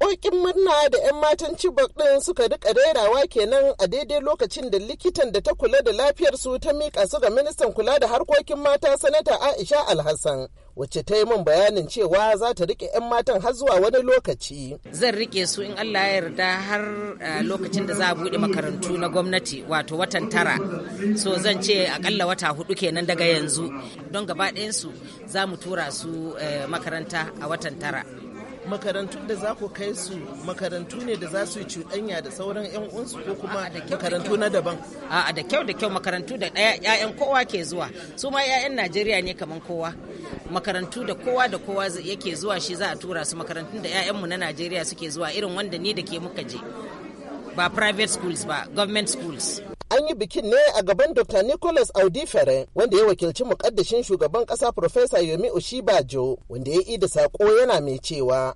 hakokin murna da 'yan matan Chibok din suka rika rairawa kenan a daidai lokacin da likitan da ta kula da lafiyar su ta mika su ga ministan kula da harkokin mata sanata Aisha Alhassan. wacce ta yi min bayanin cewa za ta rike 'yan matan har zuwa wani lokaci. Zan rike su in Allah ya yarda har eh, lokacin da za a buɗe makarantu na gwamnati wato watan tara. So zan ce akalla wata hudu kenan daga yanzu don gaba su za mu tura su eh, makaranta a watan tara. makarantu da za ku kai su makarantu ne da za su yi cuɗanya da sauran 'yan uwansu ko kuma makarantu na daban a da kyau da kyau makarantu da ɗaya 'ya'yan kowa ke zuwa su ma 'ya'yan najeriya ne kamar kowa makarantu da kowa da kowa yake zuwa shi za a tura su makarantun da 'ya'yanmu na najeriya suke zuwa irin wanda ni da ke muka je ba private schools ba government schools an yi bikin ne a gaban Dr. Nicholas Audi Fere wanda ya wakilci mukaddashin shugaban kasa Professor Yomi Oshibajo wanda ya yi da sako yana mai cewa.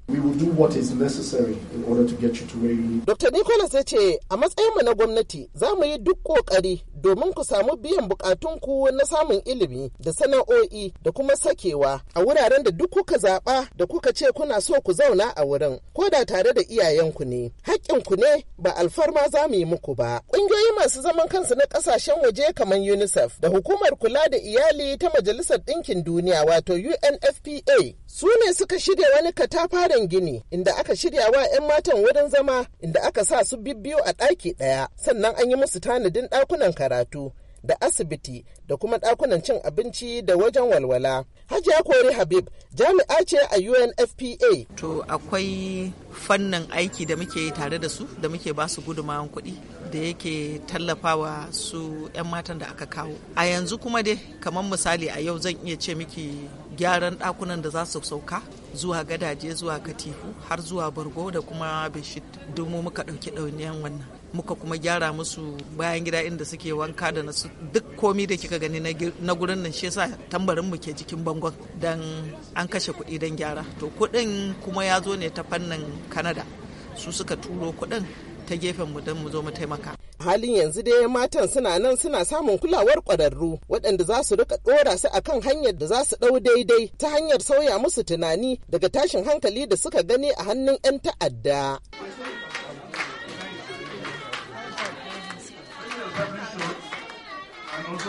Dr. Nicholas ya ce a matsayin mu na gwamnati za mu yi duk kokari domin ku samu biyan bukatunku na samun ilimi da sana'o'i da kuma sakewa a wuraren da duk kuka zaɓa da kuka ce kuna so ku zauna a wurin ko da tare da iyayenku ne. haƙƙinku ne ba alfarma za mu yi muku ba. Ƙungiyoyi masu zaman kansu na kasashen waje kamar UNICEF da hukumar kula da iyali ta Majalisar Ɗinkin Duniya wato UNFPA su ne suka shirya wani katafaren gini inda aka shirya wa 'yan matan wurin zama inda aka sa su bibbiyu a ɗaki ɗaya sannan an yi musu tanadin ɗakunan karatu da asibiti da kuma ɗakunan cin abinci da wajen walwala. Hajiya Kori Habib jami'a ce a UNFPA. To akwai fannin aiki da muke tare da su da muke ba su gudumawan kuɗi da yake tallafawa su 'yan matan da aka kawo. A yanzu kuma dai kamar misali a yau zan iya ce miki gyaran ɗakunan da za su sauka zuwa gadaje zuwa katifu har zuwa bargo da kuma bishit domin muka ɗauki ɗauniyan wannan. muka kuma gyara musu bayan gida inda suke wanka da nasu duk komi da kika gani na gurin nan shi yasa tambarin mu ke cikin bangon dan an kashe kuɗi don gyara to kuɗin kuma ya zo ne ta fannin kanada su suka turo kuɗin ta gefen mu don mu zo mu taimaka halin yanzu dai matan suna nan suna samun kulawar kwararru waɗanda za su rika ɗora su akan hanyar da za su ɗau daidai ta hanyar sauya musu tunani daga tashin hankali da suka gani a hannun 'yan ta'adda.